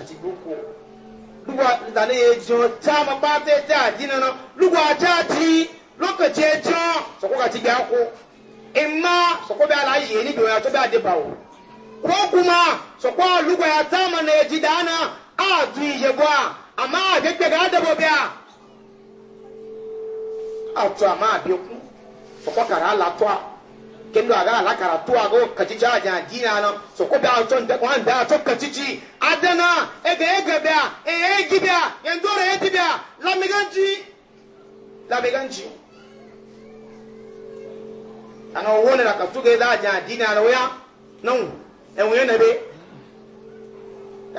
àti gbóko lugwa ìdáná ejò tá a máa bá fẹ́ tá a dín nínú lugwa ajá ti lókèjì ejò sọkó kàti gbé akó ìmá sọkó bẹ́ẹ̀ aláyè yìí níbi òyìn àti bẹ́ẹ̀ adébà o kó kuma sọkó lugwa ya a máa na ejì dáná á dùn ìyè bọ́ a àmọ́ àgbẹ̀gbẹ̀ gà á dẹ̀bọ̀ bẹ́ẹ̀ a àtọ̀ àmọ́ àbẹ̀kú sọkó kàrà á làtọ́ kendo aga ala karatu aga kacici aji adina na so ko bia to nde kwan bia to kacici adana ege ege bia e egi bia yendore eti bia lamiganji lamiganji ana wone la kaftu ge aji adina na wea non e wuye na be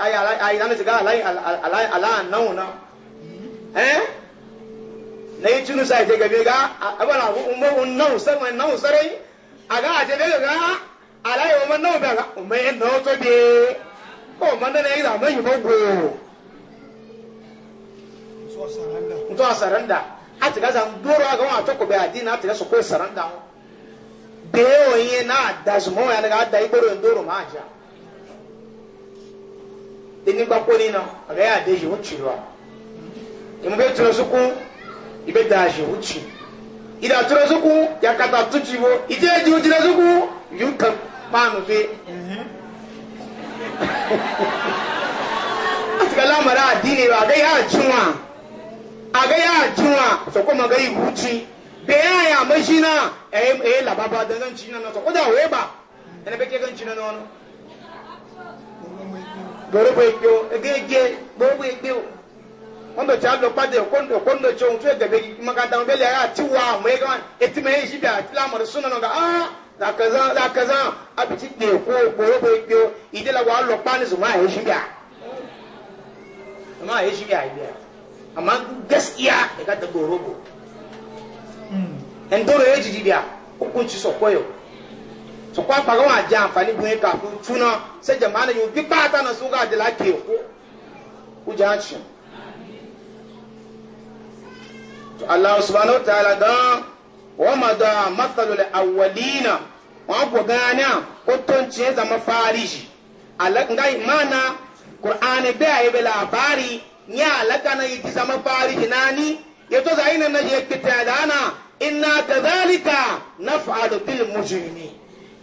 ayi ala ayi na tiga ala ala ala non na eh na yi tunu sai je gabe ga abala umma unnan sai mai nan sarai àgá àtẹlẹ́lẹ̀ rẹ̀ á aláyẹ̀ ọmọ náà bẹ̀rẹ̀ ọmọ ẹ̀ náà tó dé ọmọ náà yìí àmọ́ yìí mọ́ gbòò. ntọ́ àsàrẹ́ndà àti gàzà ń dúró àgá wọn àtọkọ̀ bẹ̀ àdín náà tẹ̀lé sọ̀kọ́ ìsàrẹ́ndà wọn. bẹ́ẹ̀ òye náà o yẹn ká da ìgboro ìdóró máa jà. ẹni gbàgbọ́ nínú àgá yà dé yìí ó tì lọ. ìmọ̀ bẹ́ẹ̀ tó lọ sókún ìbẹ́ dàá yìí ó tì lọ ida tura zuku ya kata tuci bo ite ya jiwo jira suku yun kan panu fe [LAUGHS] asuka lamara addini ba ga ya cinwa a ga ya cinwa so kuma ga yi huci be ya ya mashina eh eh lababa da zan cinna na so ko da we ba ene be ke gan cinna no goro bo ikyo ege ege gbo bo ikyo wanda ta lo pade kondo kondo cho untu ga be makanta mbele ya tiwa mai ga eti mai shi da lamar sunan ga ah da kaza da kaza abiti de ko boro bo ikyo idela wa lo pani zuma ya shi da amma ya shi ya ide amma gaskiya ya e ga da boro bo hmm. en doro ya jiji biya hukunci sokoyo sokwa paga wa ja amfani gun ka funa sai jama'a ne yo bi pata na suga de la ke ko ku jancin Allah subhanahu wa ta'ala gan wa mada matsalul awwalina wa ko gana ko tonce zama fariji Allah mana Qur'ani be ayi be labari nya alaka na yi zama fariji nani yato zaina na je kitadana inna kadhalika naf'alu bil mujrimin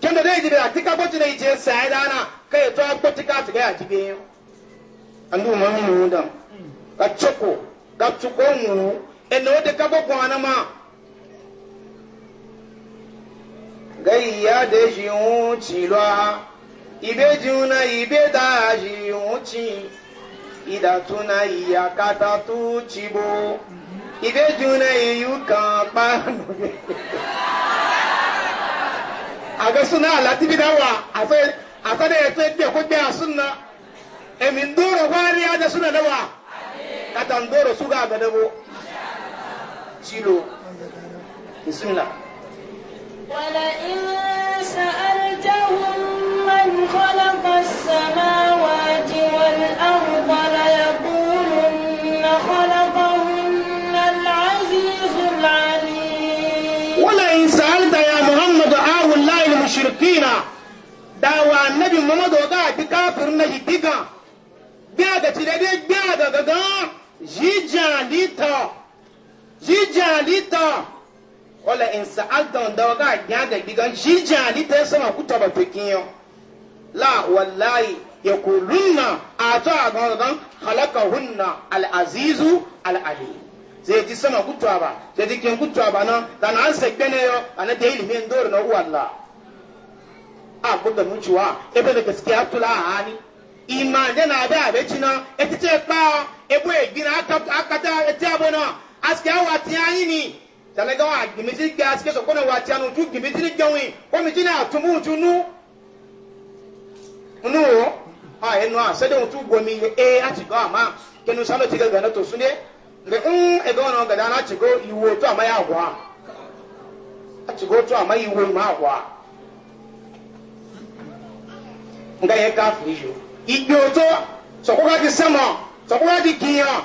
da dai da tika boti dai je sai dana kai to boti ka tiga ya jibe andu mamu da hmm. ka choko ka choko mu ene wode ka gbogbo ana ma gai ya de ji hun ci lwa ibe ji na ibe da ji hun ci ida tuna iya kata tu ci bo ibe ji na iyu kan pa [LAUGHS] aga suna alati bi dawa afe afe da ya tsaye ko bi a sunna emin doro kwariya da suna dawa kata ndoro suga ga ga dabo تنزيل بسم الله ولئن سألتهم من خلق السماوات والأرض ليقولن خلقهن العزيز العليم ولئن سألت يا محمد آه الله المشركين دعوى النبي محمد وقع بكافر نجي بيادة تلبية بيادة غدا جيجا ليتا jijin halitta wala in sa'altan da waga ya da gigan jijin halitta ya sama ku taba tokin yau la wallahi ya kulunna a to a gangan halaka hunna al'azizu al'ali zai ji sama kutuwa ba zai ji kin kutuwa ba nan da na an sakpe ne yau a na da ilimin dole na uwalla a kuka mutuwa ebe da gaskiya tula a hani iman yana abe abinci na ita ce kpa ebo ta akata eti abona aske awa tiya yi ni talaga wa gimiti ga aske so kona wa tiya nu tu gimiti ni gawi ko mi tina tumu tu nu nu o a enu a sede un tu gomi e ati go ama kenu salo ti ga na to sunde nge mm, un e go no ga na ati go iwo to ama ya gwa ati go to ama iwo ma gwa nga ye ka fi yo igbe oto so ko ga ti semo so ko ga ti kiyan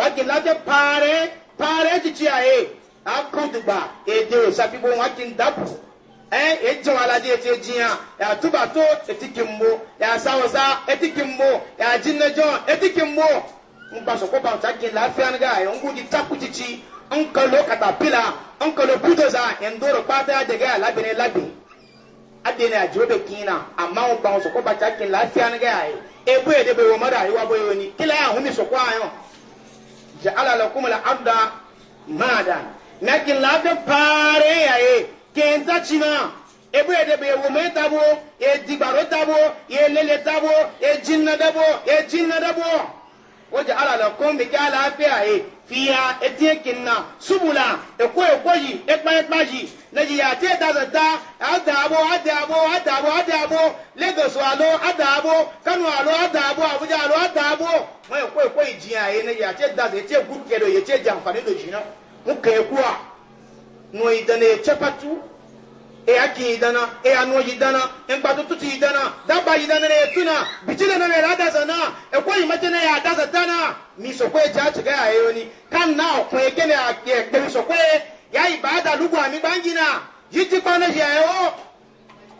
wake late pare pare titi aye akudugba ede sabibo wake ndapu e edzɔn aladze etse dziya yatubato etike mbo di taku titi ŋkalo katapila ŋkalo budoza ndoro ya dege alabene labe adene adjo be kina amawo gbawo soko bàtà gé lafiya nígbà e. yẹn ebu yẹn de be ni kílẹ̀ ja'ala lakum al-abda madan nakin la te pare yae kenza china ebu edebe ewu me tabo edigbaro tabo elele tabo ejinna dabo ejinna dabo o ja'ala lakum bi ja'ala fi yae fiya etinye kinna subula eko ekwo yi ekpa ekpa yi leji ya te ta adabo adabo adabo adabo lagos alo adabo kanu alo adabo abuja alo adabo mo ekwo eko yi jiyan ye leji ya te daza ete gurukelo ye te janfani do jina mo kekwa no idana ye chapatu eya kin yi dana eya nuwa yi dana nkpato e tutu yi dana daba yi dana ya tuna bici na nana ya dasa na ekwo yi mace na ya dasa dana mi sokwe e ja ciga ya yi oni kan na ọkun eke na ya kpe sokwe ya yi ba da lugu ami bangi na yi ti kpana ya yi o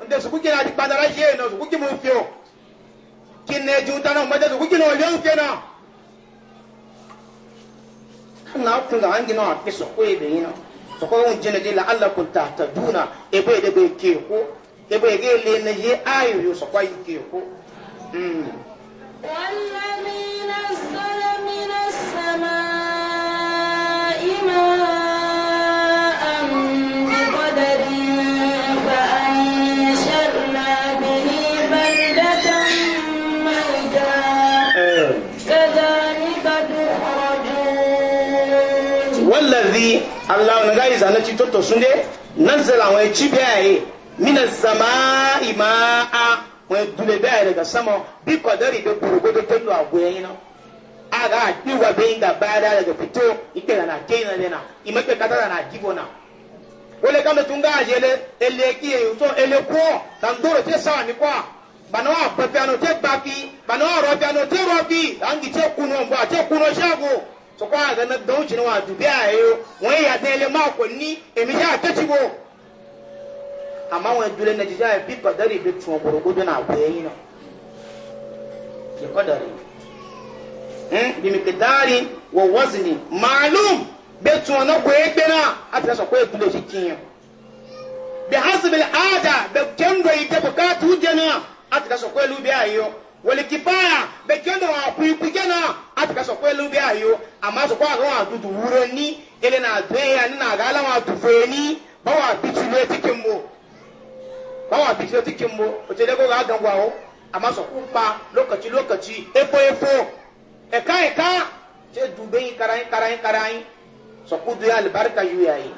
nde suku kina di kpana ra ye na suku kima ofe kine kin na eji dana suku kina ọlẹ ofe na kan na ọkun ga hangi na ọkpe sokwe ebe yi na. so ko mun jina ji la'allakum tahtaduna e bai da bai ke ko e le na ye ayu so ko ke ko mm allah na gayi zana ci toto sun de nan zala wani ci biyaye mina zama ima a wani dule biyaye daga sama bi kodari da gurgudu ta lu agoya yi na a ga adiwa bayin da baya da daga fito ike da na ke na lena ima ke kata da na gibo na wale kama tun ga aje ele ele ki e so ele ko tan doro te sa mi kwa bana wa pe piano te baki bana wa ro piano te ro bi angi te kuno mbo te kuno shago so kwa aga na don chini wa dubi ayo won ya tele ma ko ni emi ja tati bo ama won dule na jija bi padari bi tun gorogodo na ko yin no ke padari hmm eh, bi mi kadari wa wazni ma'lum bi na ko egbe na ati so ko edule si kiyan bi hasbi al ada bi kendo ite bukatu na ati so ko lu bi ayo welikipaya bekendo wakwikwikyana atikasokwe lubi ayo amasokwa aga watutu wuroni ele na dweya ni du ba nagala watufeni bawapitulwe tikimbo bawapitulwe tikimbo oteleko gadangwawo amasokukpa lokaci lokaci efo efo eka eka ce dubeyi karayi karayi karayi sokuduya alibarika yuyayi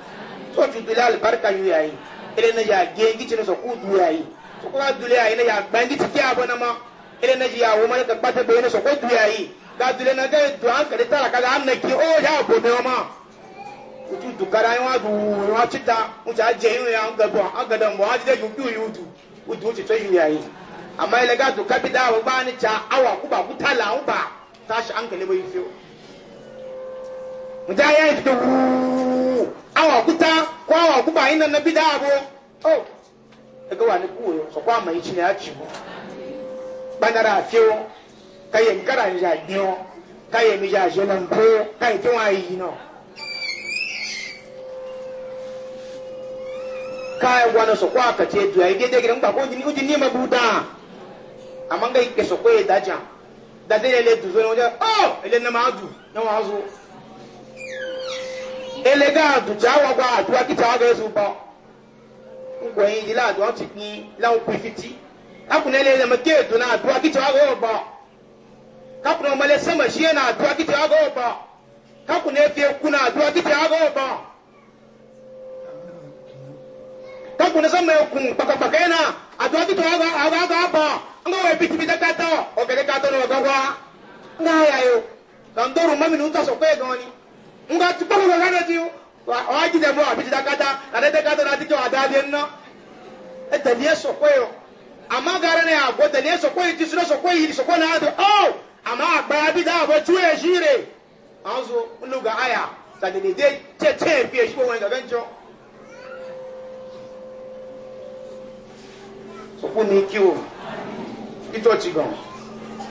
sotudula alibarika yuyayi ele na ya gengi cine sokuduyayi sokuka dulayayi na ya gbandi tiki abonama ele na jiya wo mai kakpa ta bayyana sokwa duya yi ga dule na gai to an kare tara kaga an naki o ya bo me ma utu dukara yi wa du wa chita uta aje yi ya an gabo an da mo an jide ju yi utu utu uti to yi ya yi amma ele ga du kabida wo ba ni cha awa ku ba ku tala un ba ta shi an kale bai fiyo mu ya yi to awa ku ta ko awa ku ba ina na bida bo o daga wani ku yo so kwa mai chi ne a ci bo kpanara afiwo ka yɛ nkara nza gbiwo ka yɛ mi zaa zɛ na mpo ka yɛ tiwọn ayi nɔ ka yɛ wɔ na sɔkɔ akati edu ayi de degere nkpa ko o di nima bu daa a man ka yi kɛ sɔkɔ yɛ dajan dade yɛ lɛ duzo na o de ɔ ele nama adu na wa zo ele ka adu ja wa gba adu akita wa kɛ so bɔ nkɔyin yi la adu ɔti kpin la o kpe fiti akuna le lema keetu na atua kiti ago ba kakuna male sama shie na atua kiti ago ba kakuna efie kuna atua kiti ago ba kakuna sama ekun pakapaka na atua kiti ago ago ago ba nga we biti bi dakato ogere kato no gagwa nga ya yo kandoru mami nunta sokwe goni nga tupako gagana tiyo wa ajide mo abiti dakata na dakato na tike wa dadien no eteliye sokwe yo amma gara ne a gwada ne so koyi ti suna so koyi so ko na ado oh amma agba ya bi da ba tuye shire an zo luga aya da ne dai te te fi e shi ko wani gaban jo so ko ni kiwo ito ci gon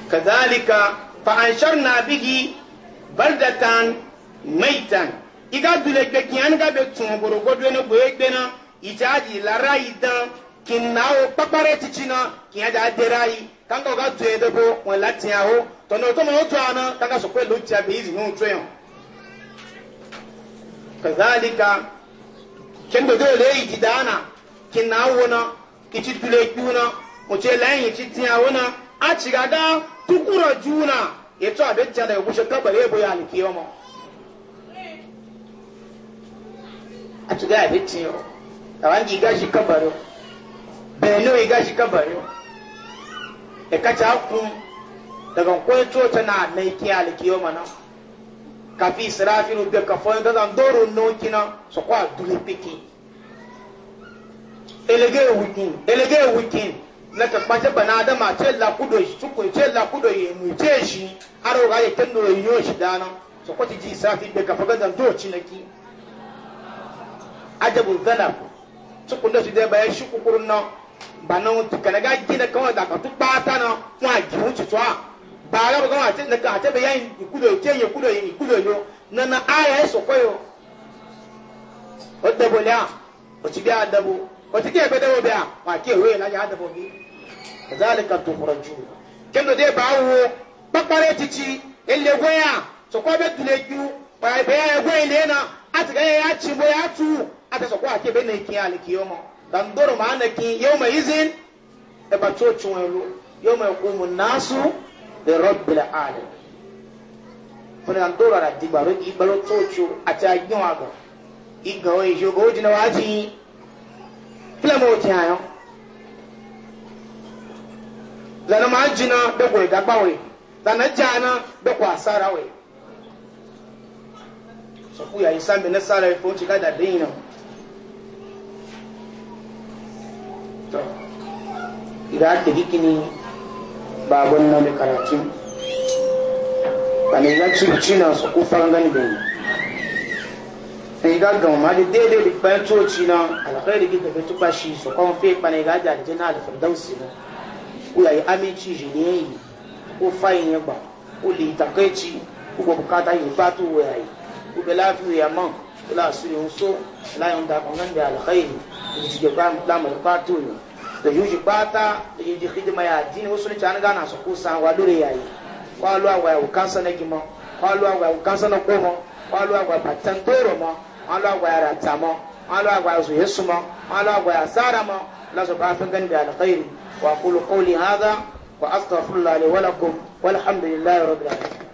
kadhalika fa ansharna bihi baldatan maitan iga dule gbekin an ga be tun gorogodo ne boye gbena itaji lara idan kinnawo kpakpara titi na kinya ja adịrị yi kanga ga tue de bo wọn la tia ho tɔnɔ tɔmɔ o na kanga so pe tia bi izi n'o tue kazalika kendo de le yi na na tule na o a tsi ka da tukura ju na a tia na egusi kabali ebo ya aliki yɔ mɔ a ka o. bẹ̀ẹ̀lú igashi kabari ya kaci hakun daga kwai coci na na iki alikiyo mana kafi israfilu da kafin e e da zan doro noki na su kwa dule piki elege wikin elege wikin na kakpace bana adama ce lakudo shi tukun ce lakudo yi mu ce shi aro ga ya kendo yi y'o shi dana so su ti ji israfilu da kafin da zan doro cinaki ajabun zanab su da su dai bayan shi kukurun nan banawo tukana ga ji na kawai da katu na a. jiwu tutuwa ba ga ga wace na ka tabe yayin kudo ya kudo yin kudo yo na na aya ya sokoyo odda a o ti bi adabo o ti ke bedewo bia wa ya adabo bi kazalika de ba wo titi ele be ya na atiga ya chimbo a tu na dandoro maana ki yawma izin e bato chunwelu yawma yaqumu nasu li rabbil alamin fún dandoro ara digbaro ibalo tocho àti agbon ago igan o ijogo ojina wa ti kila mo ti ayo lana ma jina be ko igagba we lana jana be ko asara we so ku ya isa na sara e fo ti ka da deyin na ira ke dikini babon nan da karatu bani ga cici na su kufan gani da ni sai ga ga ma da daidai da bayan coci na alkhairi gida da tuba shi su kan fe bani ga da da na alfirdausi na kula yi aminci shi ne yi ko fayin ya ba ko li takaici ko bukata yi fatu wayayi ko bela fi ya man kula su yi so la yi da kan da alkhairi da shi ga ba mu da mu fatu ne da yuji bata da yuji hidima ya dini wasu ne cani gana su kusa wa dure yayi kwalu wa wa kansa na gimo kwalu wa wa kansa na komo kwalu wa ya batan doro mo kwalu wa ya rata mo kwalu wa ya su yesu mo kwalu wa ya sara mo la su kafin gani da alkhairi wa qulu qawli hadha wa astaghfirullahi li wa lakum walhamdulillahi rabbil alamin